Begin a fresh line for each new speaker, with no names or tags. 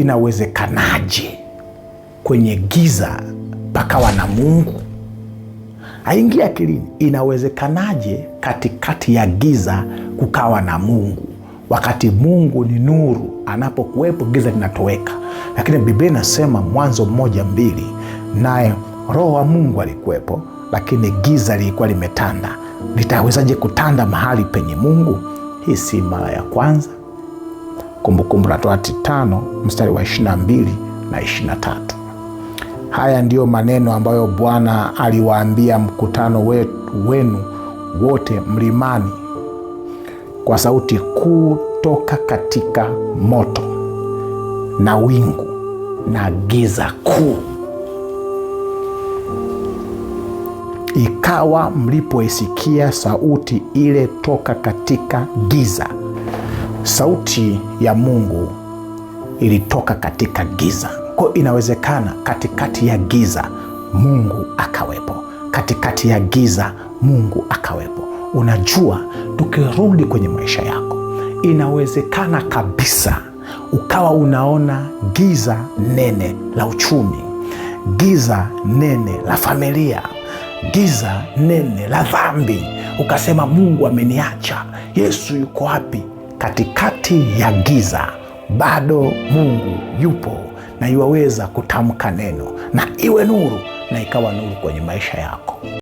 inawezekanaje kwenye giza pakawa na Mungu? Haingia akilini. Inawezekanaje katikati ya giza kukawa na Mungu, wakati Mungu ni nuru? Anapokuwepo giza linatoweka, lakini Biblia inasema Mwanzo mmoja mbili, naye Roho wa Mungu alikuwepo, lakini giza lilikuwa limetanda. Litawezaje kutanda mahali penye Mungu? Hii si mara ya kwanza Kumbukumbu la Torati tano mstari wa 22 na 23. Haya ndiyo maneno ambayo Bwana aliwaambia mkutano wenu wote mlimani kwa sauti kuu toka katika moto na wingu na giza kuu, ikawa mlipoisikia sauti ile toka katika giza sauti ya Mungu ilitoka katika giza. Kwa inawezekana katikati ya giza Mungu akawepo, katikati ya giza Mungu akawepo. Unajua, tukirudi kwenye maisha yako, inawezekana kabisa ukawa unaona giza nene la uchumi, giza nene la familia, giza nene la dhambi, ukasema Mungu ameniacha, Yesu yuko wapi? katikati ya giza, bado Mungu yupo na iwaweza kutamka neno na iwe nuru na ikawa nuru kwenye maisha yako.